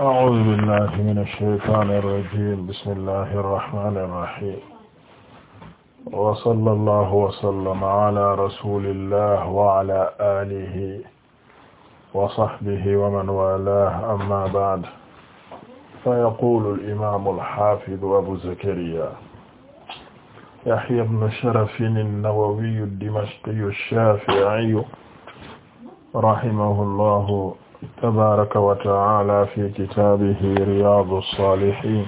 أعوذ بالله من الشيطان الرجيم بسم الله الرحمن الرحيم وصلى الله وسلم على رسول الله وعلى آله وصحبه ومن والاه أما بعد فيقول الإمام الحافظ أبو زكريا يحيى بن شرف النووي الدمشقي الشافعي رحمه الله tabaaraka wa ta'aala fi kitaabihi riyaadu saalihiin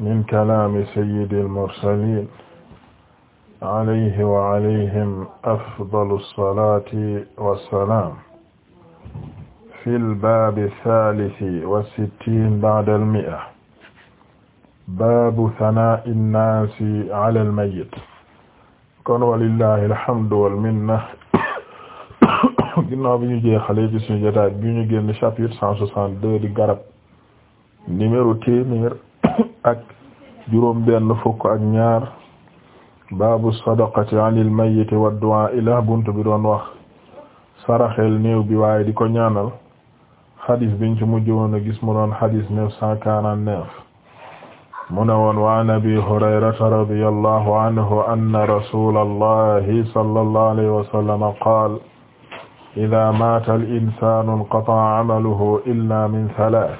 min kalaami sayyidil mursaliin alayhi wa alayhim afdalu salaati wa salaam fil baabi saalisi wa sittiin ba'dal mi'a baabu sanaa'i nnaasi alal mayyit kon walillaahi alhamdu wal minna ginnaaw bi ñu jeexalee ci suñu jotaay bi ñu génn chapitre cent soixante di garab numéro téeméer ak juróom benn fukk ak ñaar baabu sadaqati anil mayyit wa du'a ila bunt bi doon wax saraxel néew bi waaye di ko ñaanal xadis biñ ci mujj woon a mu doon xadis neuf cent quarante neuf mu ne wa an abi hurayrata radiyallahu anhu rasulallahi sallallahu alayhi wa idaa maata al-insaanu inqata'a amaluhu illaa min salaas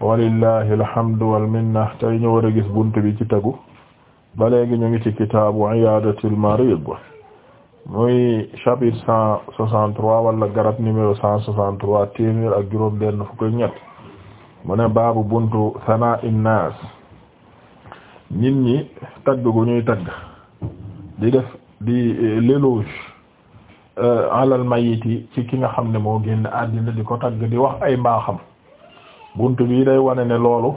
walillahi alhamdu wal minna tey ñu war a gis bunt bi ci tegu ba léegi ñu ngi ci kitaabu iyaadatil mariid muy chapitre cent trois wala garab numéro cent soixante-trois téeméer ak juróom benn fukk mu ne baabu buntu sanaa'i naas nit ñi ñuy tagg di def di eh, l'éloge Euh, alal mayiti ci ki nga xam ne moo génn àddina di ko tagg di wax ay mbaaxam bunt bi day wane ne loolu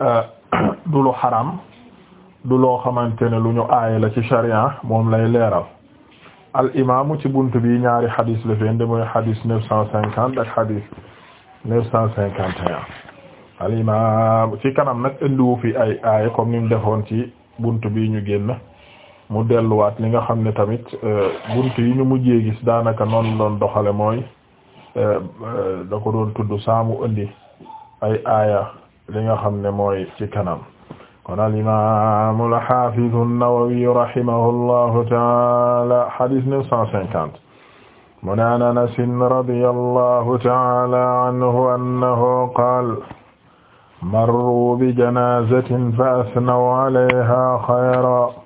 euh, du lu xaram du loo xamante ne lu ñu aaye la ci sharia moom lay leeral al imaamu ci bunt bi ñaari xadis la fende mooy xadis neuf cent cinquante ak xadis neuf cent cinquante al imaam ci kanam nag indiwu fi ay aaye comme ni defoon ci bunt bi ñu génn mu delluwaat li nga xam ne tamit euh, bunt yi ñu mujjee gis daanaka noonu doon doxale mooy euh, euh, da ko tudd saamu indi ay aaya li nga xam ne mooy ci kanam kon al imam al hafiz an-Nawawi rahimahullahu ta'ala hadith neuf mu ne an Anas radiyallahu anhu annahu marru bi janaazatin fa asnaw alayha xayran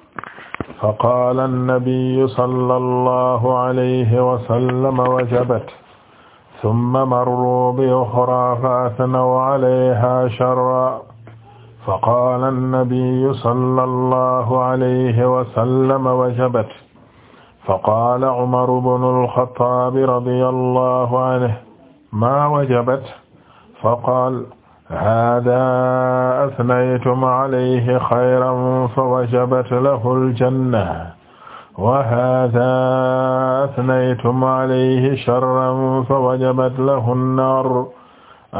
faqaala annabiyu sallallahu alayhi wa sallam wajabat summa marruu bi uxraa fa asnaw alayhaa sharran faqaala annabiyu sallallahu alayhi wa sallam wajabat faqaala Umaru bnu al-Xattaabi radiyallahu anhu maa wajabat faqaala haadaa athnaytum alayhi xayran fawajabat lahu aljanna wa haadaa athnaytum alayhi sharran fawajabat lahu annaar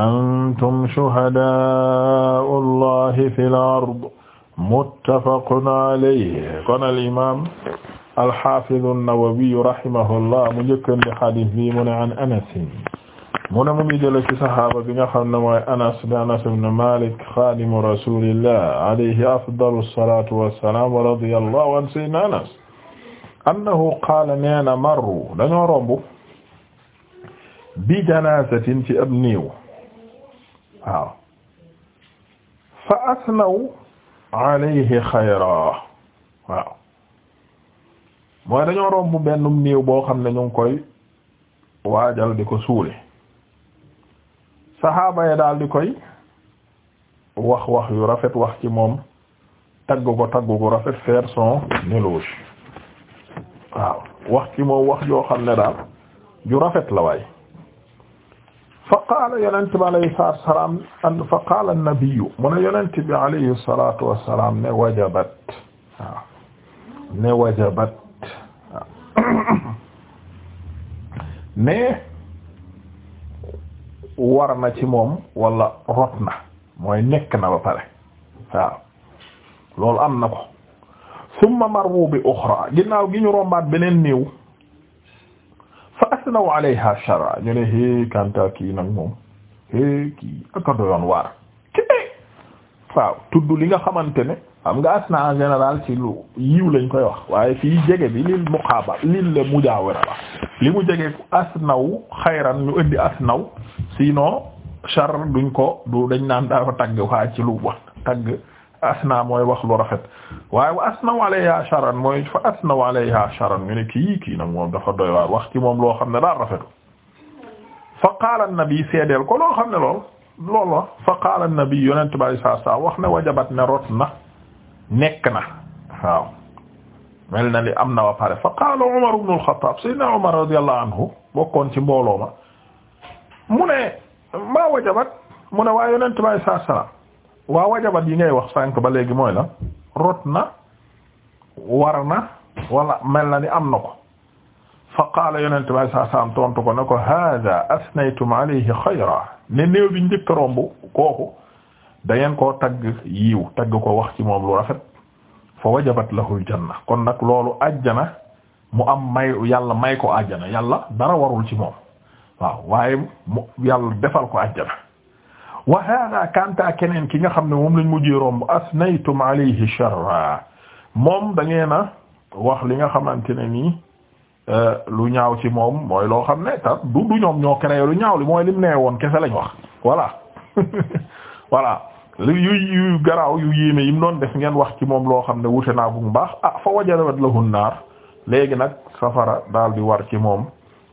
antum shuhadaa'u llaahi fil ard muttafaqun alayhi kon al imaam al haafiz an-Nawawi rahimahullah mu njëkkandi hadiis bi mu ne an Anas mu ne mu ngi jële ci saxaaba bi nga xam ne mooy Anas bi Anas ibn Malik xaadimu rasulillah alayhi afdalu salatu wassalam wa radiyallahu an sayyidina Anas annahu qaala neena marru dañoo romb bi janazatin ci ab néew waaw fa asnaw alayhi xayra waaw mooy dañoo romb benn néew boo xam ne ñu ngi koy waajal di ko suule saxaaba ya daal di koy wax wax yu rafet wax ci moom tagg ko tagg ko rafet faire son waaw wax ci moom wax yoo xam ne daal yu rafet la waay fa qaala yonent bi alayhi salaatu wassalaam an fa qaala an-nabiyyu mu ne yonent bi alayhi ne wajabat ne wajabat waaw war na ci moom walla rot na mooy nekk na ba pare waaw loolu am na ko summa marwu bi uxra ginnaaw gi ñu rombaat beneen néew fa asnaw alayha shara ñu ne hé kanta kii nag moom hé kii aka doyoon waar waaw tudd li nga xamante ne am nga asna na général ci yiw lañ koy wax waaye fii jege bi lil muqaba lil mujaawara la li mu jege asnaw xayran ñu indi asnaw sinon char duñ ko du dañ naan dafa tagg waa ci lu wax tagg asna mooy wax lu rafet waaye wa asnaw alayha charan mooy fa asnaw alayha charan ñu ne kii kii nag moom dafa doy waar wax ci moom loo xam ne daal rafetu fa qaala an-nabi seedeel ko loo xam ne lool loolu la fa qaala nabi yonent bi sallallahu alayhi wax ne wajabat ne rot na nekk na waaw mel na ni am na wa pare fa qaala Umar ibn al-Khattab sayyidina Umar radiyallahu anhu bokkoon ci mbooloo ma mu ne maa wajabat mu ne waa yonent bi saa salaam waa wajabat yi ngay wax sànq ba léegi mooy la rot na war na wala mel na ni am na ko fa qaala yonent bi saa salaam tontu ko ne ko haaza asnaytum alayhi xayra ne néew bi njëkk romb kooku da ngeen koo tagg yiiw tagg ko wax ci moom lu rafet. fa wajabat lahul janna kon nag loolu àjjana mu am may yàlla may ko ajjana yàlla dara warul ci moom waaw waaye mu yàlla defal ko ajjana wa hada kanta keneen ki nga xam ne moom lañ mu mujjee romb asnaytum alayhi sharra moom da ngeen a wax li nga xamante ne nii euh, lu ñaaw ci moom mooy loo xam ne ta du du ñoom ñoo créé lu ñaaw li mooy lim nee woon kese lañ wax voilà voilà yu yu garaaw yu yéeme yi mu def ngeen wax ci moom loo xam ne wute naa bu baax ah fa wajarawat lahu naar léegi nag safara daal bi war ci moom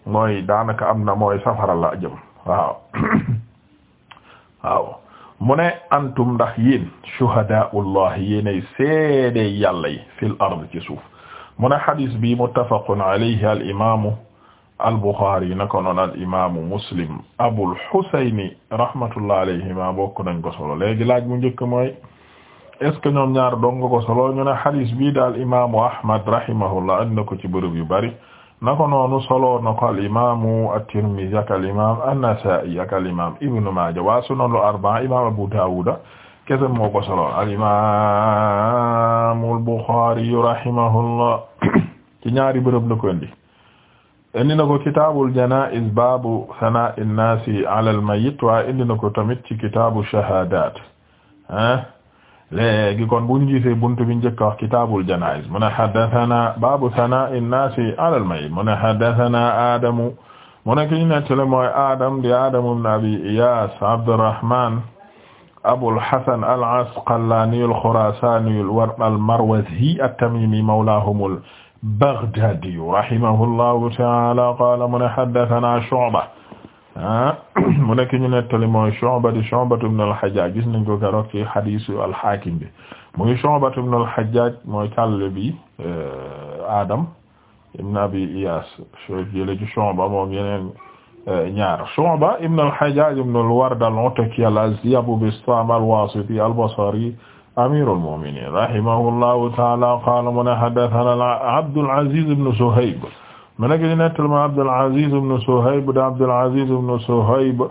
mooy daanaka am na mooy safara la jëm waaw waaw mu ne antum ndax yéen shuhadaa'ullah yéenay seede yàlla yi ard ci suuf mu ne xadis bi muttafaqun alayhi al al-Bukhari naka noonu al imaamu Muslim Abul Husayni rahmatullah alayhima bokk nañ ko solo léegi laaj bu njëkk mooy est-ce que ñoom ñaar dong ko solo ñu ne hadis bii daal Ahmad rahimahullah andi na ko ci bërëb yu bari naka solo na ko al imaamu at-Tirmidhi ak al imaam an-Nasa'i ak al Ibn Maaja wa sunanu arba'a Abu Dawuda kese moo ko solo al imaamu al-Bukhari rahimahullah ci ñaari bërëb la ko indi indi na ko kitaabul janaa'iz baabu sanaa'i naasi alal mayit waaye indi na ko tamit ci kitaabu shahaadaat ah léegi kon bu ñu gisee buntu bi njëkk a wax kitaabul janaa'iz mu ne haddasanaa baabu sanaa'i naasi alal mayit mu ne haddasanaa Adamu mu ne ki ñu nettali mooy Adam di Adamu ibn Abi Iyaas Abdurrahmaan Abul Hasan al-Asqalaani al-Khuraasaani al-Marwazi at-Tamiimi mawlaahum Baghdadiyu rahimahullahu ta'ala qaala mu ne haddathanaa Shu'ba ah mu nekk ñu nettali mooy Shu'ba di Shu'ba ibn al-Hajjaj gis nañ ko keroog ci hadiisu al-Haakim bi muy Shu'ba ibn al-Hajjaj mooy càll bi eh, Adam ibn Abi Iyaas jële ci Shu'ba moom yeneen eh, ñaar Shu'ba ibn al-Hajjaj ibn al-Ward al-Ataki al-Azdi Abu Bistaam al-Waasiti al-Basri amirul mu'minin rahimahullahu ta'ala qaala mu ne haddathana Abdul Aziz ibn Suhayb mu nekk di nettal ma Abdul Aziz ibn Suhayb da Abdul Aziz ibn Suhayb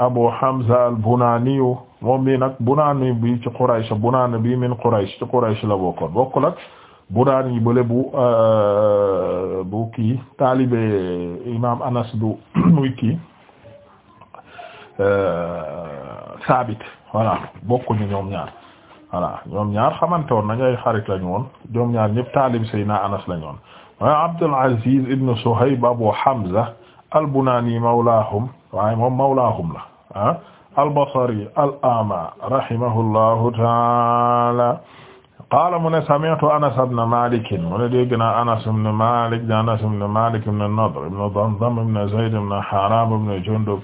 Abu Hamza al-Bunani moom mi nag Bunani bi ci Quraysh Bunani bi min Quraysh ci Quraysh la bokkoon bokkul ak Bunani bële bu euh, bu kii taalibe imaam Anas du muy kii euh, Saabit voilà bokkuñu ñoom ñaar voilà ñoom ñaar xamante woon nañu ay xarit lañu woon ñoom ñaar ñëpp taalib Seydina Anas lañu woon waaye Abdul Aziz ibn Suhayb Abu Hamza al-Bunani mawlaahum waaye moom mawlaahum la ah al-Basri al-A'ma rahimahullahu ta'ala qaala mu ne sami'tu Anas ibn Malik mu ne dégg naa Anas ibn Malik Anas ibn Malik ibn Nadr ibn Damdam ibn Zayd ibn Haram ibn Jundub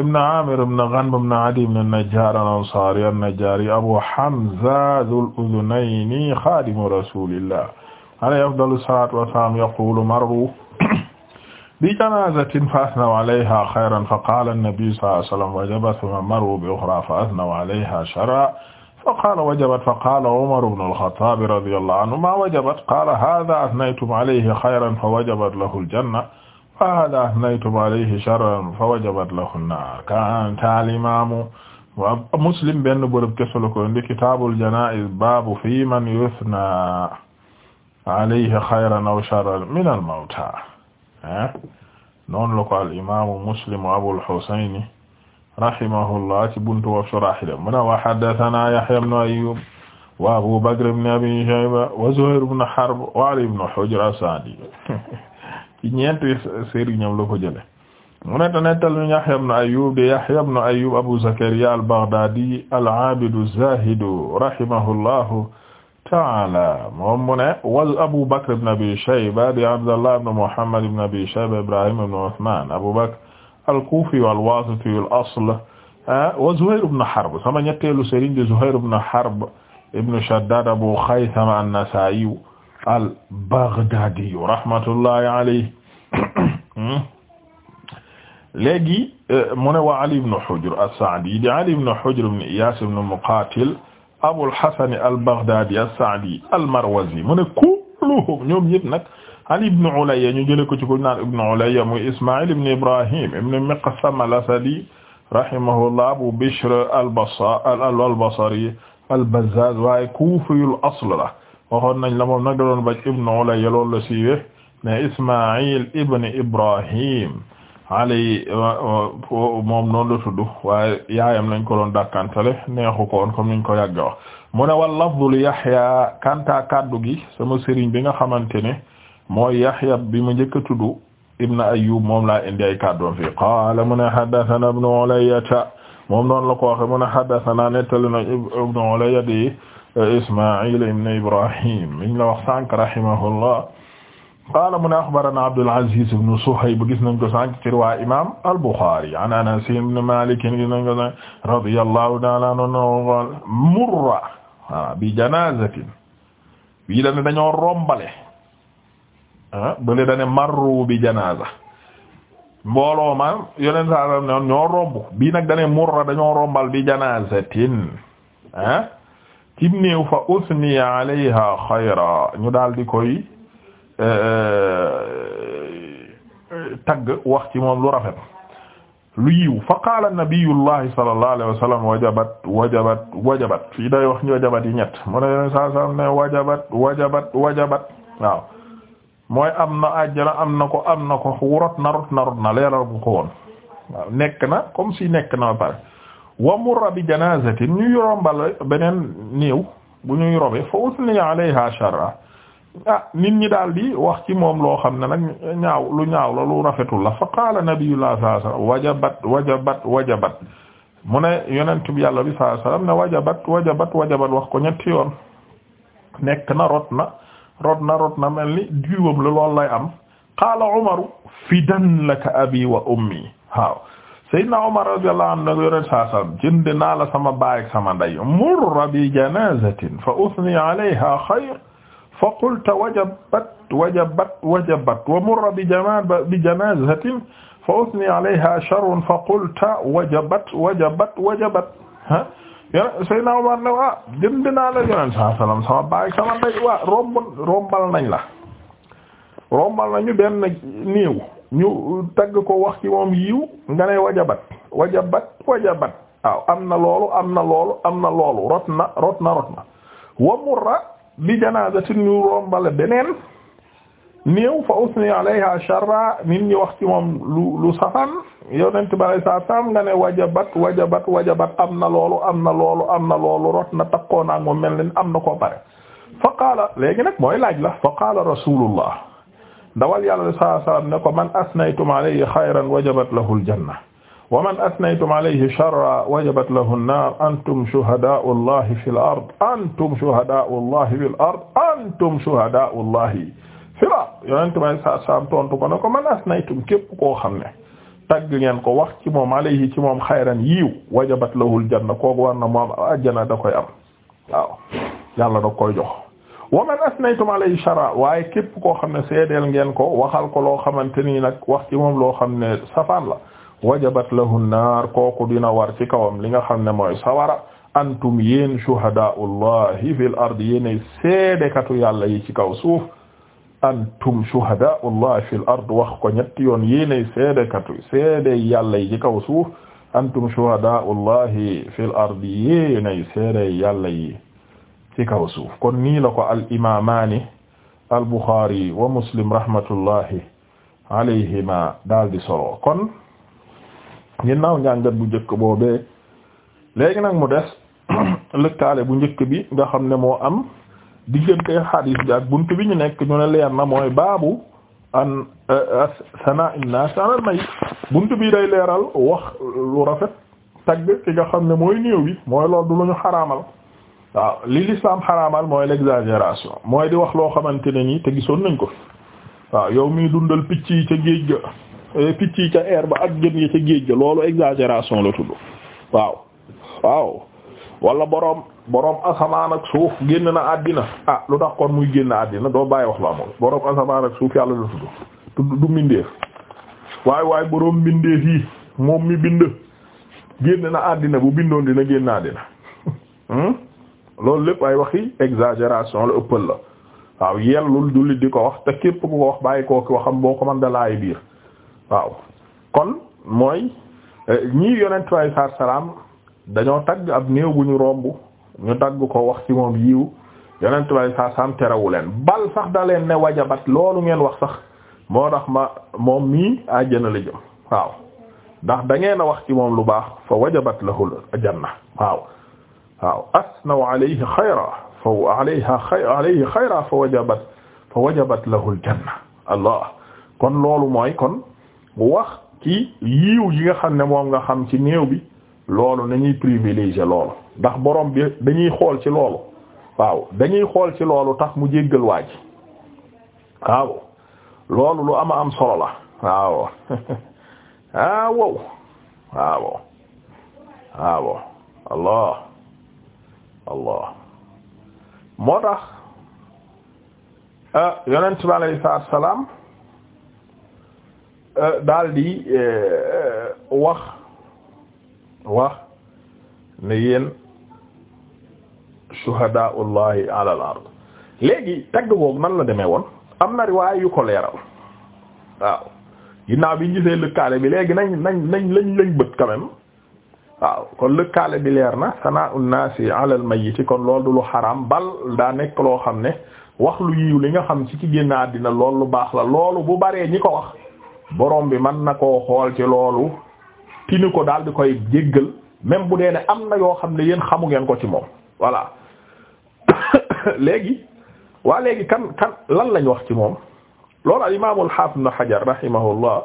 ibn Amir ibn Ghanm ibn Adi ibn an-Najjar al-Ansari an-Najjari Abu Hamza dhul udhunayni khadimu rasulillah alayhi afdalu salatu wassalam yaqulu marru bi janazatin fa athnaw alayha khayran fa qala an-nabi sallallahu alayhi wa sallam wajabat thumma marru bi ukhra fa athnaw alayha sharran fa qala wajabat fa qala Umar ibn al-Khattab radiyallahu anhu ma wajabat qala hadha athnaytum alayhi khayran fa wajabat lahu al-janna wahada ahnaytum alayhi sharran fa wajabat lahu an-naar kanta al-imaamu Muslim benn bërëb kese la ko indi kitaabul janaa'iz baabu fii man yuthnaa alayhi xayran aw sharran min al-mawtaa eh? noonu la ko al-imaamu Muslim Abul Husayn rahimahullah ci buntu wa shuraahi mu ne wa haddathanaa Yahyaa ibn Ayyuub wa Abuu Bakr ibn Abii Shayba wa Zuhayr ibn Harb wa Ali ibn Hujr as-Sa'dii ci ñeenti sëriñam la ko jële mu ne te nettal ñu Yahya ibn Ayyub de Yahya ibn Ayyub Abu Zakariya al-Baghdadi al-aabidu zaahidu rahimahullahu taala moom mu ne wal Abu Bakr ibn Abi Shayba de Abdallah ibn Muhammad ibn Abi Shayba Ibrahim ibn Uthman Abu Bakr al-Kufi al-Wasiti al-asl ah, wa Zuhayr ibn Harb sama ñetteelu sëriñ de Zuhayr ibn Harb ibn Shaddad Abu Khaythama an-Nasa'i al Baghdadi rahmatullahi alayhi léegi mu ne wa Ali ibn Hujr as-Sa'di di Ali ibn Hujr ibn Iyas ibn Muqatil Abul Hasan al-Baghdadi as-Sa'di al-Marwazi mu ne kulluhum ñoom ñëpp nag Ali ibn Ulayya ñu jëlee ko ci ko naan ibn Ulayya muy Isma'il ibn Ibrahim ibn Miqsam al-Asadi rahimahullah Abu Bishr al-Basri al-Basri al-Bazzaz waaye kufi al-asl la waxoon nañ la moom nag da doon baj lool Ulayya loolu la siiwe ne Ismaïl ibn Ibrahim alay moom noonu la tudd waaye yaayam lañ ko doon dakkantale neexu ko woon comme niñ ko yàgga wax mu wal lafdu li Yahya kanta kaddu gi sama sëriñ bi nga xamante ne mooy Yahya bi ma njëkk a tudd ibn Ayyub moom laa indi ay kaddoom fii qaala mu ne haddathana ibn Ulayya moom noonu la ko waxe mu ne haddathana nettali na ibn Isma'il ibn Ibrahim liñ la wax sànq rahimahullah qaala mu ne axbarana Abdul Aziz ibn Suhayb gis nañ ko sànq ci riwaayu imaam al-Bukhari an Anas ibn Malik gis nañ ko sànq radiyallahu ta'ala anhu murra ah, bi janaazatin bii dañ dañoo rombale ah bële dañ marru bi janaaza mbooloo ma yeneen saa ne ñoo romb bii nag dañ murra dañoo rombal bi janaazatin ah ci néew fa usniya alayha xayra ñu daal di koy euh, euh, tagg wax ci moom lu rafet lu yiw fa qaala nabiyullahi sallallahu alayhi wa sallam wajabat wajabat wajabat fii day wax ñu wajabat yi ñett mu ne saa saa ne wajabat wajabat wajabat waaw mooy am na àjjana am na ko am na ko rot na rot na rot na leeral bu ko woon waaw nekk na comme si nekk na ba pare wa murra bi janazatin ñuy rombal beneen néew bu ñuy robe fa usniya alayha sharra ah nit ñi daal di wax ci moom loo xam ne nag ñaaw lu ñaaw la lu rafetul la fa qaala nabiyullah sallallahu alayhi wasallam wajabat wajabat mu ne yonent bi yàlla bi sallallahu alayhi wasallam ne wajabat wajabat wax ko ñetti yoon nekk na rot na rot na rot na mel ni diwam la lay am qaala umaru fidan laka abi wa ummi waaw Seydina Omar radiyallahu anhu nag yoneen saa sallam jënde naa la sama baay ak sama nday murra bi janazatin fa usni alayha xayr fa qulta wajabat wajabat wajabat wa murra bi bi janazatin fa usni alayha sharrun fa qulta wajabat wajabat wajabat ah yone Seydina Omar ne waa jënde naa la yoneen saa sallam sama baay ak sama nday waa romb rombal nañ la rombal nañu benn néew ñu tagg ko wax ci moom yiw nga ne wajabat wajabat wajabat waaw am na loolu am na loolu am na loolu rot na rot na rot na wa murra bi janaazati ñu rombale beneen néew fa usni alayha sharra nit ñi wax ci moom lu lu safan yonent bari saa saam nga ne wajabat wajabat wajabat am na loolu am na loolu am na loolu rot na takkoon ak moom mel ni am na ko pare fa qaala léegi nag mooy laaj la fa qaala rasulullah dawal yàlla saa salaam ne ko man asnaytum alayhi xayran wajabat lahu aljanna wa man asnaytum alayhi sharran wajabat lahu an-naar antum shuhadaa'u allahi fil ard antum shuhadaa'u allahi fil ard antum shuhadaa'u allahi fil ard yonent may saa salaam tontu ko ne ko man asnaytum képp koo xam ne tagg ngeen ko wax ci moom alayhi ci moom xayran yiiw wajabat lahu aljanna kooku war na moom aljanna da koy am waaw yàlla da koy jox. wa man asnaytum alayhi shara waaye képp koo xam ne seedeel ngeen ko waxal ko loo xamante ni nag wax ci moom loo xam ne safaan la wajabat lahu naar kooku dina war ci kawam li nga xam ne mooy sawara antum yéen shuhadaullahi fil ard yéenay seedekatu yàlla yi ci kaw suuf antum shuhadaullahi fil ard wax ko ñetti yoon yéenay seedekatu seede yàlla yi ci kaw suuf antum shuhadaullahi fil ard yàlla yi ci kaw suuf kon nii la ko al imaamaani al buxaari wa muslim rahmatullahi alayhima daal di solo kon ginnaaw njàngat bu njëkk boobee léegi nag mu des lëkkaale bu njëkk bi nga xam ne moo am diggante xadiis bi ak buntu bi ñu nekk ñu ne leer na mooy baabu an eh, sana innas alal mayit buntu bi day leeral wax lu rafet tagg ki nga xam ne mooy néew bi mooy loolu du lu ñu waaw li l'islam xaraamal mooy l'exagération mooy di wax loo xamante ne nii te gisoon nañ ko waaw yow miy dundal picc yi ca géej ga eh, picc yi ca air ba ak jën yi ca géej ga loolu exagération la tudd waaw waaw wala boroom boroom asamaan ak suuf génn na àddina ah lu tax kon muy génn àddina doo bàyyi wax la amul boroom asamaan ak suuf yàlla la tudd tudd du mbindeef waaye waaye boroom mbindeef yi moom mi bind génn na àddina bu bindoon dina génn loolu lépp ay waxi exagération la ëppal la waaw yellul jullit di ko wax te képp ku ko wax bàyyi koo ki waxam boo ko man da laay biir waaw kon mooy eh, ñii yonent bi dañoo tagg ab néew bu ñu romb ñu tagg ko wax ci moom yiw yonent bi alayhi salaatu leen bal sax da leen ne wajabat loolu ngeen wax sax moo tax ma moom mii àjjana la jëm waaw ndax da ngeen a wax ci moom lu baax fa wajabat lahul janna waaw waaw asnaw alayhi xayra fa alayha alayhi xayra fa wajabat fa wajabat lahu allah kon loolu mooy kon wax ci yiw yi nga xam ne moom nga xam ci néew bi loolu nañuy privilégier loolu ndax boroom bi dañuy xool ci loolu waaw dañuy xool ci loolu tax mu jéggal waa ji waaw loolu lu ama am solo la waaw ah waaw waaw allah allah moo tax ah, yonent bi alayhi salaatu salaam ah, daldi eh, wax wax ne yéen shuhadaa'ullahi ala al-ard léegi tagg boobu nan la demee woon am na riwaay yu ko leeral waaw ginnaaw bi ñu gisee lëkkaale bi léegi nañ nañ nañ lañ lañ bët quand waaw kon lëkkaale bi leer na sana'u naasi alal mayyiti kon lool du lu xaraam bal daa nekk loo xam ne wax lu yiw li nga xam ci ci génn àddina loolu lu baax la loolu bu baree ñi ko wax boroom bi mën na koo xool ci loolu nu ko daal di koy jéggal même bu dee ne am na yoo xam ne yéen xamu ngeen ko ci moom voilà léegi waa léegi kan kan lan lañ wax ci moom loolu al imaamul xaafid na xajar rahimahullah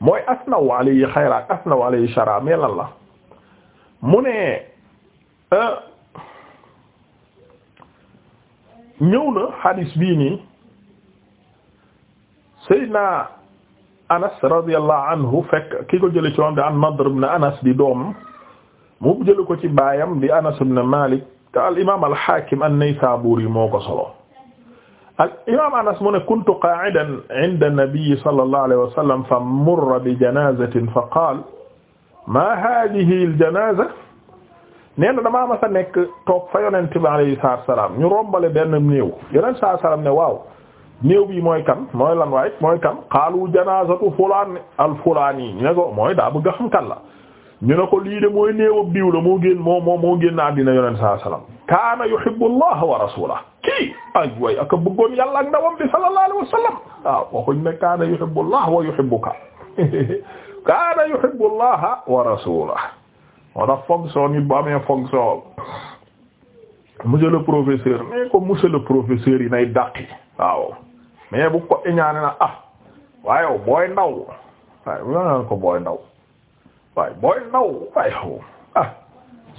mooy asnaw alayhi xayraat asnaw alayhi shara mais lan la mu ne euh, ñëw na hadis bii nii Seydina Anas radiyallahu anhu fekk ki ko jële ci moom di an Nadr ibn Anas di doom mu jële ko ci baayam di Anas ibn Malik te al imaam al Hakim an-Naysaburi moo ko solo al imaam Anas mu ne kuntu qaa'idan inda an-nabiy sallallahu alayhi wa sallam fa marra bi janaazatin fa qaala ma hadihi al janaza nee na damaa mas a nekk toog fa yonent bi alayhi salaatu wa salaam ñu rombale benn néew yonent salaam ne waaw néew bi mooy kan mooy lan waay mooy kan xaalu janaazatu fulaan al mooy daa bëgg a xam la ñu ne ko lii de mooy néewab diw la moo génn moo moo moo génn àddina yonent salaam kaana yuhibbu allah wa rasuulahu kii ay way aka bëggoon yàlla ak ndawam bi sallallahu alayhi wa sallam waaw waxuñ ne kaana kaana yuhibbu allaha wa rasulahu fonction ni bu amee le professeur mais ko monsieur le professeur yi nay dàqi waaw mais bu ko iñaane na ah waaye booy ndaw waaye mu naan ko waaye booy ah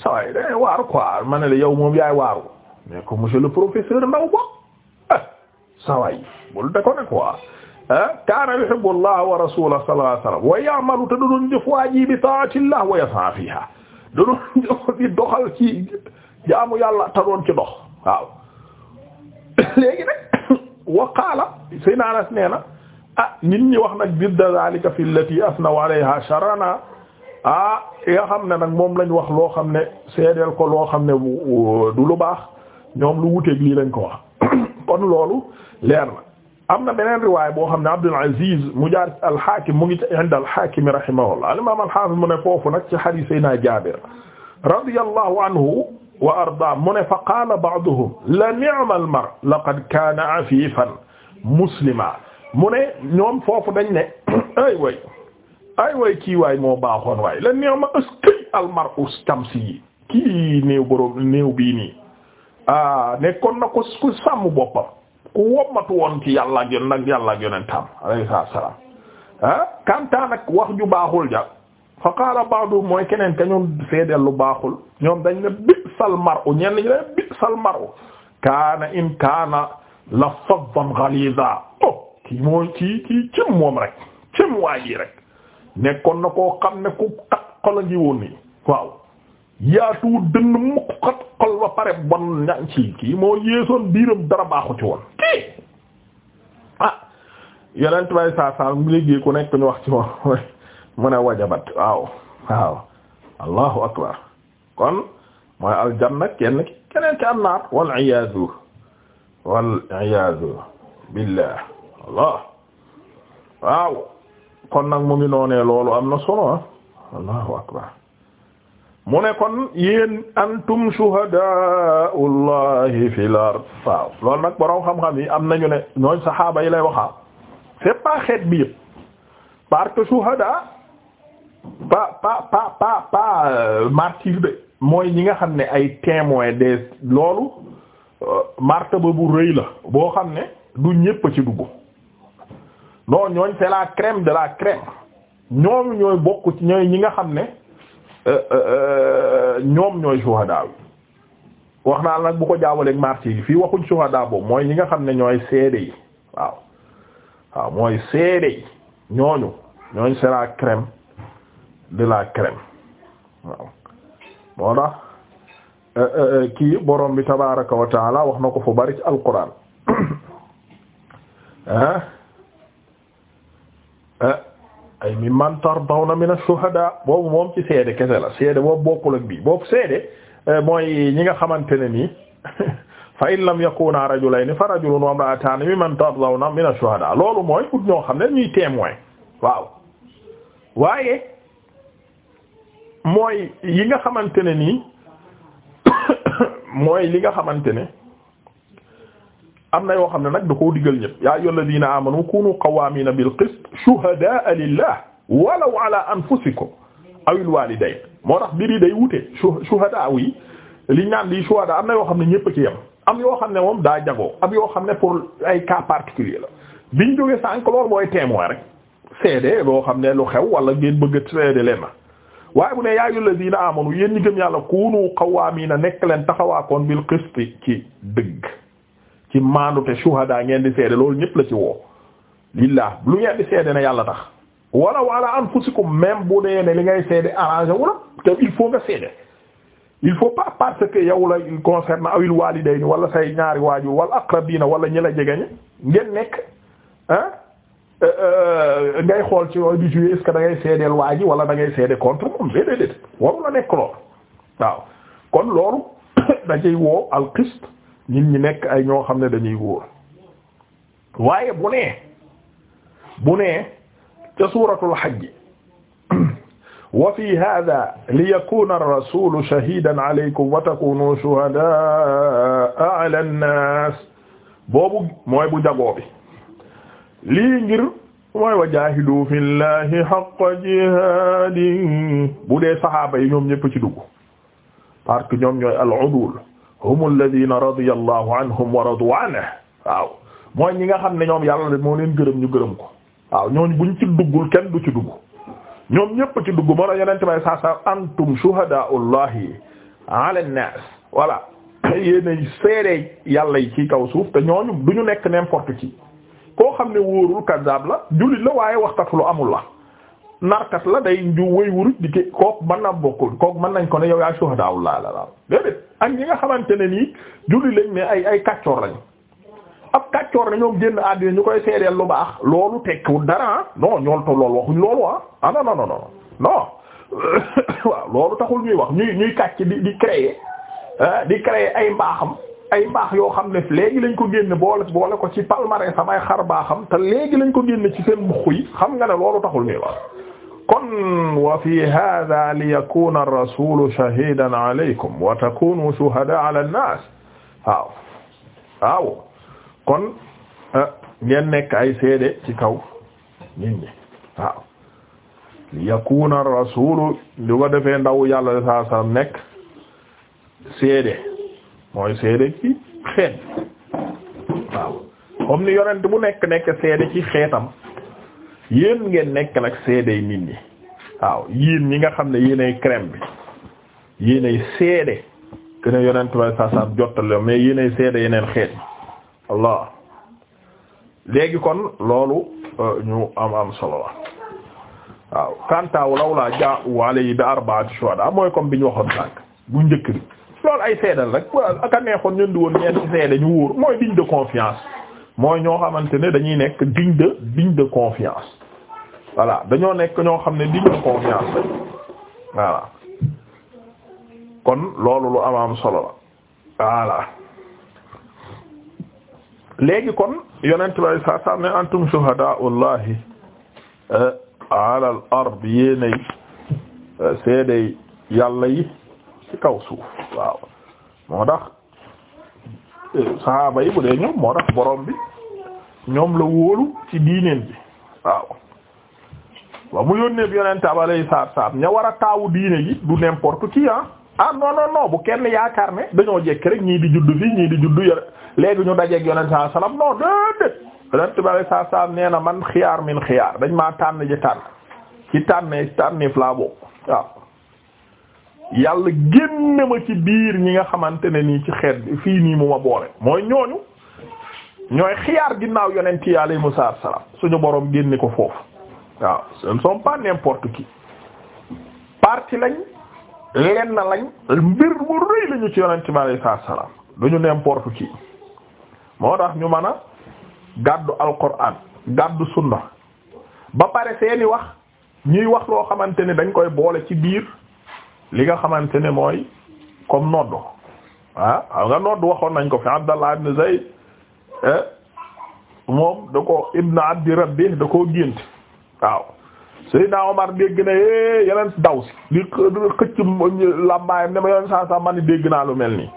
saway day waaru quoi ma ne la yow moom yaay waaru mais ko monsieur le professeur ndaw ko ah saway bul da ko ne quoi Ah kaana yuhibbu allah wa rasulahu sallallahu alayhi wa sallam wa ya'malu te da doon jëf waaji bi taatillah wa yas'a fiha da doon jëf di doxal ci jaamu yàlla te doon ci dox waaw léegi nag wa qaala sayna Anas nee na ah nit ñi wax nag didda zalika fi allati asnaw alayha sharana ah nga xam ne nag moom lañ wax loo xam ne seedeel ko loo xam ne du lu baax ñoom lu wuteeg lii lañ ko wax kon loolu leer na am na beneen riwaay boo xam ne Abdul Aziz mu jaar al-Hakim mu ngi ci inda al-Hakim rahimahullah al-imam al-Hafiz mu ne foofu nag ci hadith Seydina Jaabir radiyallahu anhu wa arda mu ne fa qaala ba'duhum la ni'ma al-mar laqad kaana afifan muslima mu ne ñoom foofu dañ ne ay way ay way kii waay moo baaxoon waay la ni'ma askay al-mar'u stamsi yi kii néew boroom néew bii nii ah nekkoon na ko ku sàmm boppam ku wommatu woon ci yàlla ak yon nag yàlla ak yonentam alayhi salaam ah kantaa nag wax ju baaxul ja fa qaala ba'du mooy keneen ka ñun seedeel lu baaxul ñoom dañ ne bi sal mar'u ñenn ñi ne bi sal mar'u kaana in kaana la faddan ghaliza oh kii mooy kii kii cim moom rek cim waa rek nekkoon na koo xam ne ku kat xol a ngi woon nii waaw yaatu dënn kat xol ba pare bon ña ci moo yeesoon biiram dara baaxu ci woon yeneen tubaab yi mu léegi ku nekk ñu wax ci moom mu ne wajabat waaw waaw allahu akbar kon mooy aljanna kenn keneen ci annaar wal iyaadu wal iyaadu billah waaw kon nag mu ngi noonee loolu am na solo ah allahu akbar mu ne kon yéen antum shuhadaa'ullahi fil ard waaw loolu nag boroom xam-xam yi am nañu ne ñooñ saxaaba yi lay waxaa c'est pas xeet bi yëpp parce que shuhada pa pa pa pa de euh, mooy ñi nga xam ne ay témoins de loolu euh, martaba bu rëy la boo xam ne du ñépp a ci dugg non ñooñ c'est la crème de la crème ñoom ñooy bokk ci ñooy ñi nga xam ne euh, ñoom ñooy shuhada wax naa nag bu ko jaawalee ak martyr yi fii waxuñ shuhada boobu mooy ñi nga xam ne ñooy seede yi waaw waaw mooy seede yi ñooñu ñooñu c'est la crème de la crème waaw moo tax euh, euh, euh, kii borom bi tabaraka wa wax na ko fu bari ci alquran ah ay mimman tardawna min ash-shuhada boobu moom ci seede kese la seede boobu bokkul ak bii boobu seede mooy ñi nga xamante ne nii fa in lam yakuna rajulayni fa rajulun wa imra'atani mimman tardawna min a shuhada loolu mooy ut ñoo xam ne ñuy témoin waaw waaye mooy yi nga xamante ne nii mooy li nga xamante ne am na yoo xam ne nag da koo digal ñëpp yaa ayyuha alladhina amanu kunu qawwamina bil qist shuhadaa lillah walaw ala anfusikum awil walidayn moo tax mbir yi day wute shuhadaa yi liñ naan lii shuhadaa am na yoo xam ne ñëpp ci yem am yoo xam ne moom daa jagoo am yoo xam ne pour ay cas particulier la biñ jógee sànq loolu mooy témoin rek seede loo xam ne lu xew wala ngeen bëgg a leen na waaye bu ne yaa ayyuhal lazina amanu yéen ñi gëm yàlla kunu qawwamina nekk leen taxawaakoon bil qisti ci dëgg ci maandute shuhada ngeen di seede loolu ñëpp la ci woo lillah lu ngeen di seede ne yàlla tax wala wala anfusikum même bu dee ne li ngay seede arrangé wala te il faut il faut pas parce que yow la concerne awil waalidayni wala say ñaari waajur wal aqrabiina wala ñi la jege ñi ngeen nekk ah ngay xool ci yooyu di jouer est que da seedeel waa ji wala da ngay seede contre moom déedéet waru la nekk lool waaw kon loolu dajay woo al qist nit ñi nekk ay ñoo xam ne dañuy wóor waaye bu nee bu nee ca suuratul xaj ji wo fi haaza liyakuna ar-rasuulu shahiidan alaykum wa takuunu shuhadaa'a ala an-naas boobu mooy bu jagoo bi lii ngir mooy wa jaahidu fillaahi haqqa jihaadihi bu dee saxaaba yi ñoom ñëpp ci dugg parce que ñoom ñooy al-udul hum alladhiina radiya allahu anhum wa mooy ñi nga xam ne ñoom yàlla moo leen gërëm ñu gërëm ko waaw ñooñu buñ ci duggul kenn du ci dugg. ñoom ñëpp ci dugg moo la yeneen bay saa saa antum shuhadaa'ullahi 'ala an-nas voilà yéenay seede yàlla yi ci kaw suuf te ñooñu du ñu nekk n'importe ci koo xam ne wóorul kazaab la jullit la waaye wax lu amul la narkat la day ju wëy wuruj di ki kook mën na bokkul kook mën nañ ko ne yow yaa shuhadaa'ullahi la la déedéet ak ñi nga xamante ne nii jullit lañ mais ay ay kàccoor lañ ab kàccoor na ñoom génn àddina ñu koy seedeel lu baax loolu tekkiwul dara ah. non ñool to loolu waxuñ loolu ah ah non non non non non loolu taxul ñuy wax ñuy ñuy kàcc di di créer ah, di créer ay mbaaxam ay mbaax yoo xam ne léegi lañ ko génne boole boole ko ci palmarès ay xar baaxam te léegi lañ ko génne ci seen mbuq yi xam nga ne loolu taxul ñuy wax kon wa fi hada li yakuna ar-rasulu shahidan alaykum wa takunu shuhada ala an-nas waaw waaw kon ah, ngeen nekk ay seede ci kaw nit ñi waaw li yakuna rasulu li ko defee ndaw yàlla saa saa nekk seede mooy seede ci xeet waaw comme ni yonent bu nekk nekk seede ci xeetam yéen ngeen nekk nag seedey nit ñi waaw yéen ñi nga xam ne yéenay crème bi yéenay seede que ne yonent way saa saa jottale mais yéenay seede yeneen xeet Allah léegi kon loolu euh, ñu am am solo la waaw kantaaw law laa jaa waale yi da arba'at shuhada mooy comme bi ñu waxoon sànq bu njëkk bi loolu ay seedal rek ak a neexoon ñun di woon ñu wóor mooy digne de confiance mooy ñoo xamante ne dañuy nekk digne de digne de confiance voilà dañoo nekk ñoo xam ne digne de confiance lañ voilà kon loolu lu am am solo la voilà. léegi kon yonent bay saa saa ne antum shuhadaa'ullahi ala eh, al-ard yéenay eh, seede yàlla yi ci kaw suuf waaw moo tax eh, saxaaba yi bu dee ñoom moo tax borom bi ñoom la wóolu ci diineen bi waaw ba mu yónnee bi yonent ab alay ña war a taawu diine yi du n'importe qui ah ah non non bu kenn yaakaar ne dañoo jekk rek ñii di juddu fii ñii di juddu yore léegi ñu dajeeg yonent saa salaam non déedéet yonent bi saa salaam nee na man xiyaar min xiyaar dañ ma tànn ji tànn ci tànnee tànneef laa bokk waaw yàlla génne ma ci biir ñi nga xamante ne nii ci xeet fii nii mu ma boole mooy ñooñu ñooy xiyaar ginnaaw yonent yi alayhimu salaam suñu boroom génne ko foofu waaw ce ne sont pas n'importe lañ. leen na lañ mbir mu rëy lañu ci yonent bi alayhi salaam du ñu n'importe qui moo tax ñu mën a gàddu alquran gàddu sunna ba pare seeni wax ñuy wax loo xamante ne dañ koy boole ci biir li nga xamante ne mooy comme noddu ah xam nga noddu waxoon nañ ko fi Abdallah ibn Zayd eh, moom da ko ibn abdi rabbi da koo gént waaw Seydina Omar dégg na é eh, yeneen daw si di xëcc lambaayam ne ma yoleen saa sa man dégg naa lu mel nii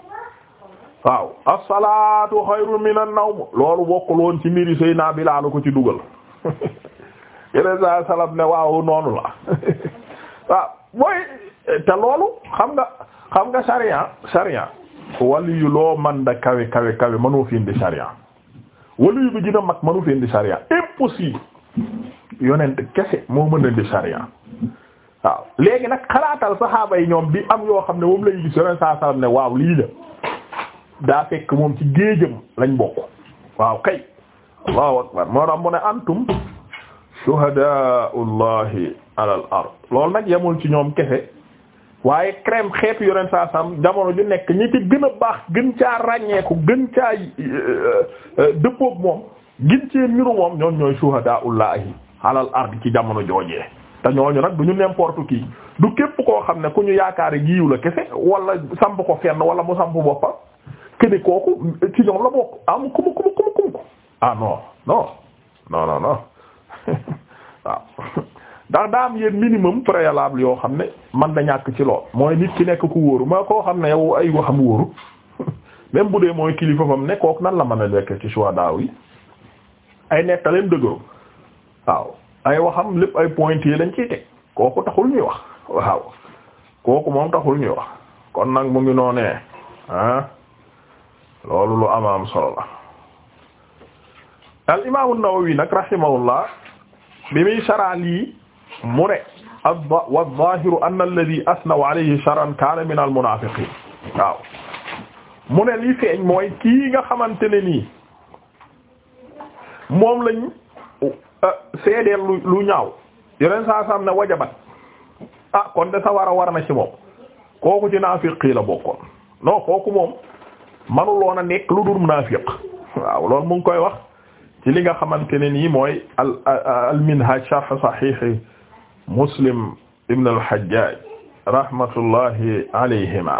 waaw as-salaatu xayrun min an loolu bokkul woon ci mbiri Seydina Bilaal ko ci dugal yeneen saa salam ne waaw noonu la waaw mooy te loolu xam nga xam nga sariya sariya waliyu loo man da kawe kawe kawe mënoo fi indi sariya waliyu bi dina mag mënu fi indi sariya impossible yonent kese moo mën a di sariya ah. waaw léegi nag xalaatal saxaaba yi ñoom bi am yoo xam ne moom lañu gis yonent saa salaam ne waaw lii la daa fekk moom ci géejëm lañ bokk waaw kay allahu akbar moo tax mu ne antum shuhadaa'ullahi alal ard loolu nag yamul ci ñoom kese waaye crème xeet yonent saa salaam jamono ju nekk ñi ci gën a baax gën caa ràññeeku gën caa euh, euh, dëppook moom gin cee miru moom ñoom ñooy shuhadaa'ullahi alal ard ci jamono joojee te ñooñu nag du ñu n'importe qui du képp koo xam ne ku ñu yaakaare giiw la kese wala samp ko fenn wala mu samp boppam kene kooku ci ñoom la bokk am ah kumu kumu kumu kumu ko ah non non non non non waaw ah. ndax daa am yéen minimum préalable yoo xam ne man da ñàkk ci lool mooy nit ki nekk ku wóoru moo koo xam ne yow ay waxam wóoru même bu dee mooy kilifa fam ne nan la mën a nekk ci choix yi ay nettaleem dëgëru waaw ay waxam lépp ay point yi lañ ciy teg kooku taxul ñuy wax waaw kooku moom taxul ñuy wax kon nag mu ngi noonee ah loolu lu am am solo la al imaamu Nawawi nag rahimahullah bi muy saraal yi mu ne wa zahiru anna alladhi asnaw alayhi sharran kaana min al munaafiqiin waaw mu ne li feeñ mooy kii nga xamante ne nii moom lañ euh, seedeel lu ñaaw yeneen saa saam ne wajabat ah kon de sa war a war na ci moom kooku ci naafiq yi la bokkoon non kooku moom manuloon nekk lu dul naafiq waaw loolu mu ngi koy wax ci li nga xamante ne nii mooy al al minhaj sharh sahih muslim ibn al hajjaj rahmatullahi alayhima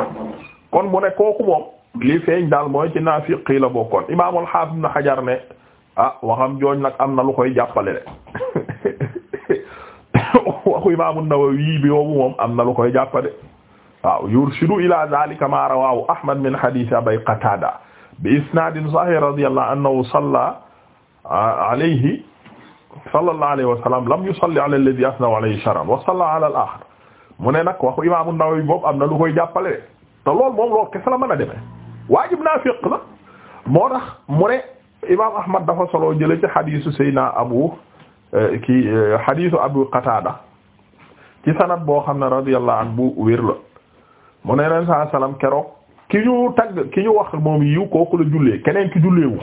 kon mu ne kooku moom li feeñ daal mooy ci naafiq yi la bokkoon imaamul haafid ibn hajar ne ah waxam jooñ nag am na lu koy jàppale de waxu Imaam An-Nawawi bi yoobu moom am na lu koy jàppale waaw yurshidu ila zalika ma rawahu Ahmad min hadith Abi Qatada bi isnadin sahih radiyallahu anhu salla alayhi sallallahu alayhi wa sallam lam yusalli ala alladhi asnaw alayhi sharran wa salla ala al-akhar mu ne nag waxu Imaam An-Nawawi boobu am na lu koy jàppale de te loolu moom loolu kese la mën a demee waajib naa fiq la moo tax mu ne imaam Ahmad dafa solo jële ci xadiisu Seyna Abu eh, ki eh, xadiisu Abu Qatada ci sanad boo xam ne radiyallahu anhu bu wér la mu ne leen saa salaam keroog ki ñu tagg ki ñu wax moom yiw kooku la jullee keneen ki jullee wu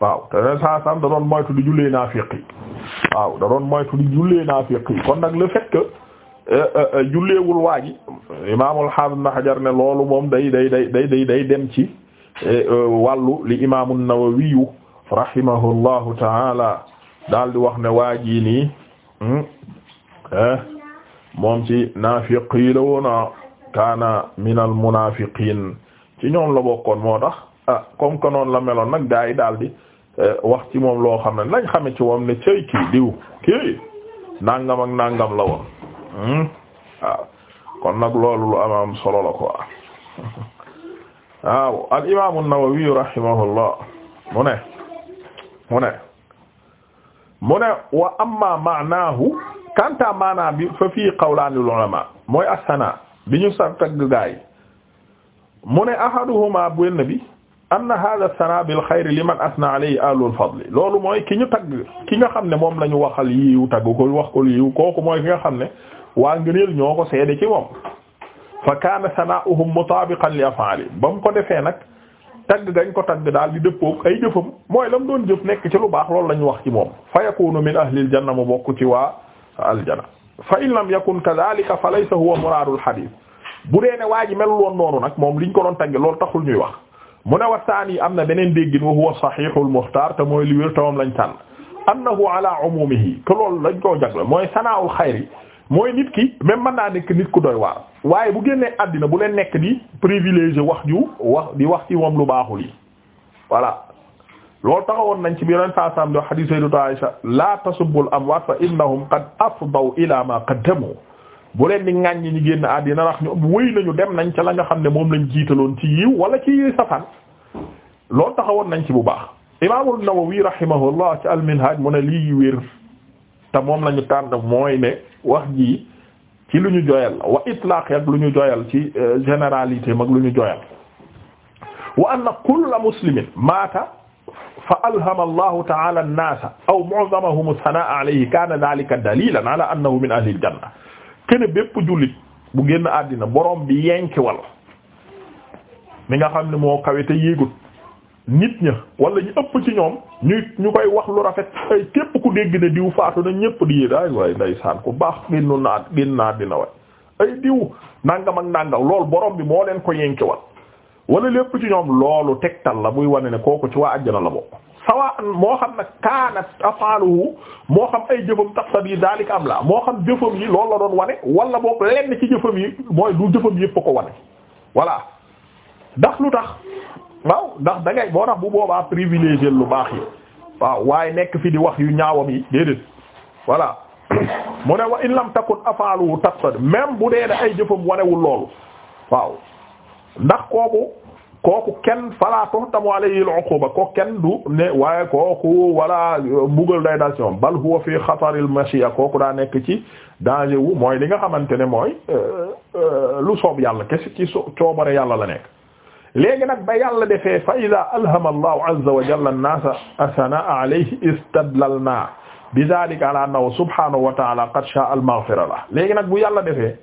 waaw te leen saa salaam da doon moytu di jullee naafiq waaw da doon moytu di jullee naafiq kon nag le fait eh, julleewul waa imaamul Hafiz Ibn Hajar ne loolu moom day day day day day day dem ci. Eh, eh, wàllu li imaamu Nawawiyu rahimahullahu taala daal wax ne waa ji nii hmm, eh, moom ci naafiq yi la woona ah, kaana minal munaafiqiin ci ñoom la bokkoon moo tax ah comme la meloon nag gaa yi daal wax ci moom loo xam ne lañ xame ci moom ne cëy kii diw kii nangam nangam la woon hmm, kon nag loolu lu am am solo la quoi waaw al imaamu Nawawi rahimahullah mu ne mu ne mu ne wa amma maanaahu kanta maanaa bi fa fii qawlaani ulama mooy asana bi ñu sa tagg mu ne ahaduhuma benn bi anna hadha sana bil xayri liman asna alayhi ahlul fadli loolu mooy ki ñu tagg ki nga xam ne moom la ñu waxal yiiw tagg ko wax ko yiiw kooku mooy ki nga xam ne waa ngëneel ñoo ko seede ci moom fa kaana sanaa'uhum mutaabiqan li af'aali ba mu ko defee nag tagg gañ ko tagg daal di dëppook ay jëfam mooy la mu doon jëf nekk ci lu baax loolu la ñu wax ci moom fa yakunu min ahlil janna mu bokk ci waa aljanna fa in lam yakun kadhalika fa laysa huwa muraadul hadith bu dee ne waa ji melul woon noonu nag moom liñ ko doon tagge loolu taxul ñuy wax mu ne wa saani am na beneen déggin wa huwa sahihul muxtaar te mooy li wér te moom lañ tànn annahu ala umumihi te loolu lañ koo jagle mooy sanaa'ul xayri mooy nit ki même mën naa nekk nit ku doy waar waaye bu génnee àddina bu leen nekk di privilégié wax ju wax di wax ci moom lu baaxul yi voilà loolu taxawoon nañ ci bi leen saa saam di wax hadith Sayyidatu Aisha la tasubbul amwaat fa innahum qad afdaw ila ma qaddamu bu leen di ŋàññi ñu génn àddina wax ñu wéy nañu dem nañ ca la nga xam ne moom lañ jiitaloon ci yiw wala ci safan loolu taxawoon nañ ci bu baax Imaamul Nawawi rahimahullah ci al-Minhaj mu lii wér te moom la ñu tànn mooy ne wax ji ci lu ñu joyal wa itlaq ak lu ñu joyal ci euh, généralité mag lu ñu joyal wa anna kulla muslimin maata fa alhama allahu taala annasa aw mu'zamahum as-sanaa alayhi kaana dhalika dalilan ala ahli al kene bépp jullit bu génn àddina borom bi yenkiwal mi nga xam ne moo kawe te yéegut nit ña wala ñu ëpp ci ñoom ñuy ñu koy wax lu rafet ay képp ku dégg ne diw faatu na ñëpp di yéeg ay waay ndeysaan ku baax génnu naa génn naa dina way ay diw nangam ak nangam lool borom bi moo leen ko yenkewal wala lépp ci ñoom loolu tegtal la muy wane ne kooku ci waa àjjana la bokk sawa an moo xam nag kaanat afaaluhu moo xam ay jëfam tax sa yi daalika am la moo xam jëfam yi loolu la doon wane wala boog lenn ci jëfam yi mooy du jëfam yëpp a ko wane voilà waaw ndax da ngay boo tax bu boobaa privilégié lu baax yi waaw waaye nekk fi di wax yu ñaawam yi déedéet voilà mu ne wa in lam takun afaaluhu taqtad même bu dee ne ay jëfam wanewul loolu waaw ndax kooku kooku kenn fala toxtamu yi al ba ko kenn du ne waaye kooku wala mbugal day dal ci moom bal fi xatar al-mashiya kooku daa nekk ci danger wu mooy li nga xamante ne mooy euh, euh, lu soob yàlla kese ci coobare yàlla la nekk léegi nag ba yàlla defee fa ida alhama allahu azza wa jalla an-naasa asanaa alayhi istadlalna bi zalika ala annahu subhanahu wa taala qad shaa al-maghfira la léegi nag bu yàlla defee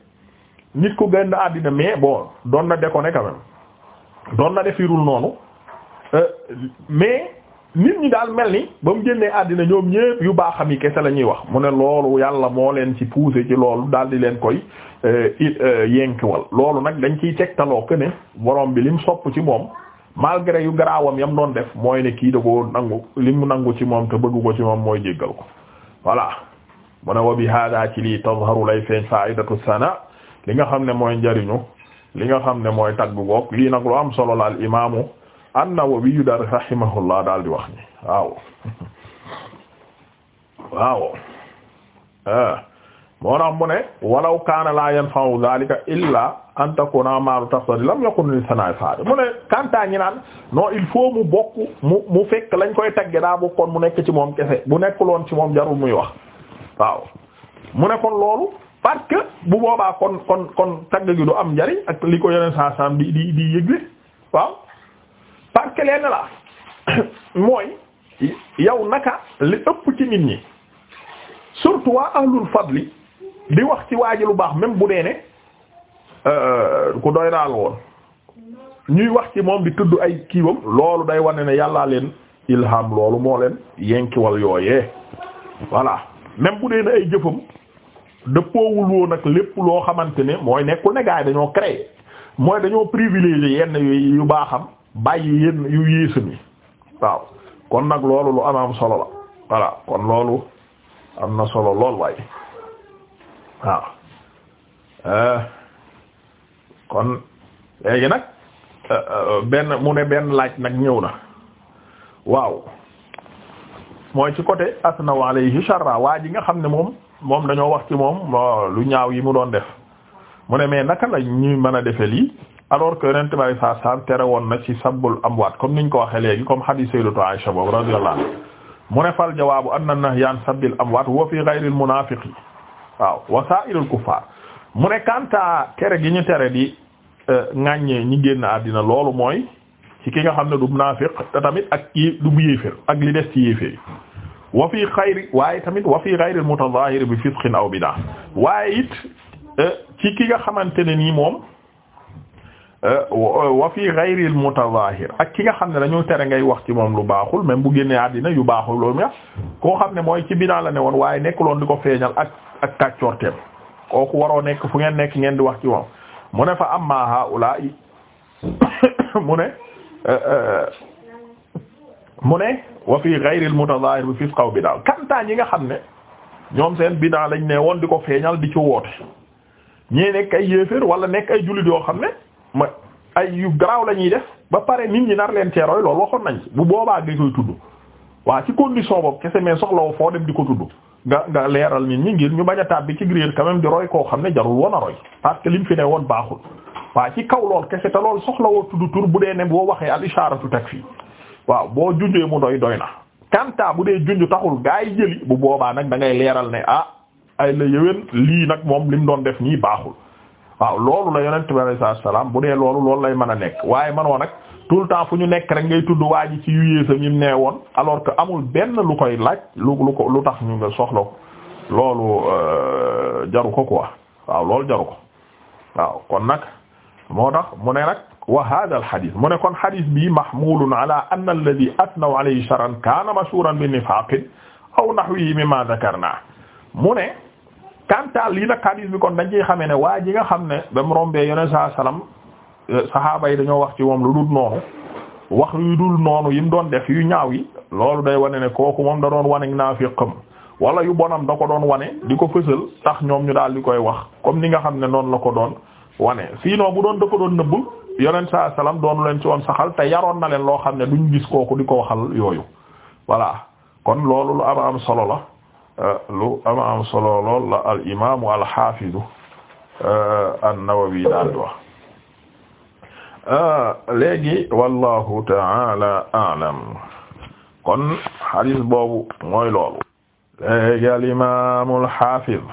nit ku gën a àddina mais bon doon na déconné quand même doon na defirul noonu euh, mais nit ñi daal mel ni ba mu génnee àddina ñoom ñépp yu baaxam yi kese la ñuy wax mu ne loolu yàlla moo leen ci poussé ci loolu daal di leen koy euh, euh, yenkiwal loolu nag dañ ciy tegtaloo que ne borom bi lim sopp ci moom malgré yu garaawam yam doon def mooy ne kii da nangu li mu nangu ci moom te bëgg ko ci moom mooy jéggal ko voilà mu ne wa bi hada ci lii tazharu lay feeñ faidatu sana li nga xam ne mooy njariñu li nga xam ne mooy taggu goog lii nag lu am solo la al an-Nawawi yu daal rahimahullah daal di wax ni waaw waaw ah. moo tax mu ne walaw kaana la yanfa'u dhalika illa an takuna maalu tafsadi lam yakun li sanaa faade mu ne kantaa ñi naan non il faut mu bokk mu fekk lañ koy tagge daa bokkoon mu nekk ci moom kese bu loon ci moom jarul muy wax waaw mu kon loolu parce que bu boobaa kon kon kon tagg gi du am njariñ ak li ko yeneen saa di di di yëgle waaw parce que lenn la mooy yow naka li ëpp ci nit ñi surtout waa ahlul fadli di wax ci waa ji lu baax même bu dee ne euh, ku doy daal woon ñuy wax ci moom di tudd ay kiiwam loolu day wane ne yàllaa leen ilham loolu moo leen yenkiwal yooyee voilà même bu dee ne ay jëfam dëppoowul woon ak lépp loo xamante ne mooy nekkul ne gaay dañoo créé mooy dañoo privilégié yenn yu baaxam bàyyi yenn yu yéesam yi waaw kon nag loolu lu amaam solo la voilà kon loolu am na solo lool waaye waaw euh, kon léegi nag euh, euh, benn mu ne benn laaj nag ñëw na waaw mooy ci côté asnaw alayhi sharra waa ji nga xam ne moom moom dañoo wax ci moom lu ñaaw yi mu doon def mu ne mais naka la ñuy mën a defe lii alors que yonent bi saa na ci sabbul amwaat comme niñ ko waxee léegi comme hadith sayyidatu Aisha boobu radiyallahu anha mu ne fal jawaabu anna nahyaan sabbil amwaat wa fi ghayril munaafiqiin waaw wa saa'iril kuffaar mu ne kanta tere gi ñu tere di euh, ŋaññee ñi génn àddina loolu mooy ci ki nga xam ne du munaafiq te tamit ak kii du bu yéeféer ak li des ci yéeféer wa fi xayri waaye tamit wa fi ghayril mutadaahir bi fisqin aw bidaa waaye it euh, ci ki nga xamante ne ni moom. Euh, wa fi ghayri al mutazahir ak ki nga xam ne dañoo tere ngay wax ci moom lu baaxul même bu génnee àddina yu baaxul loolu mu koo xam ne mooy ci binaa la ne woon waaye nekkuloon di ko feeñal ak ak kàccoorteem kooku waroo nekk fu ngeen nekk ngeen di wax ci moom mu ne fa amma haula yi mu euh, euh, mu ne wa fi ghayri al mutazahir bi bi daal kantaa ñi nga xam ne ñoom seen binaa lañ ne di ko di ci woote ñee nekk ay yéeféer wala nekk ay jullit yoo xam ne ma ay yu garaaw la ñuy def ba pare nit ñi nar leen ceerooy loolu waxoon nañ bu boobaa nga koy tudd waa ci condition boobu kese mais soxlawo foo dem di ko tudd nga nga leeral nit ñi ngir ñu bañ a tàbbi ci grier quand même di roy koo xam ne jarul woon a roy parce que lim fi ne woon baaxul waa ci kaw lool kese te lool soxlawoo tudd tur bu dee ne boo waxee al isharatu takfi waaw boo junjee mu doy doy na kanta bu dee junj taxul gaa yi bu boobaa nag da ngay leeral ne ah ay la yëwén lii nag moom lim doon def nii baaxul waaw loolu la yonent bi alayhi bu dee loolu loolu lay mën a nekk waaye manoo nag tout le temps fu ñu nekk rek ngay tudd waa ji ci yu yéesam yim nee woon alors que amul benn lu koy laaj lu ko lu tax ñu nga soxla ko loolu euh, jaru ko quoi waaw loolu jaru ko kon nag moo tax mu ne nag wa hada al hadith mu ne kon hadith bi mahmulun ala anna alladhi athnaw alayhi sharran kana mashhuran bi nifaqin aw nahwihi mimma dhakarna mu ne kantaal lii nag hadith bi kon dañ ciy xamee ne waa ji nga xam ne ba mu rombee yoneen saa salaam saxaaba yi dañoo wax ci moom lu dul noonu wax yu dul noonu yi mu doon def yu ñaaw yi loolu day wane ne kooku moom da doon wane naafiqam wala yu bonam da ko doon wane di ko fësal tax ñoom ñu daal di koy wax comme ni nga xam ne noonu la ko doon wane sinon bu doon da ko doon nëbb yoneen saa salaam doonu leen ci woon saxal te yaroon na leen loo xam ne duñ gis kooku di ko waxal yooyu voilà kon loolu lu am solo la. Eh, lu ama am solo lool la al imaamu al xaafidu eh, an-Nawawi daal di wax eh, léegi wallahu taala a'lam kon hadis boobu mooy loolu léegi al imaamu al xaafid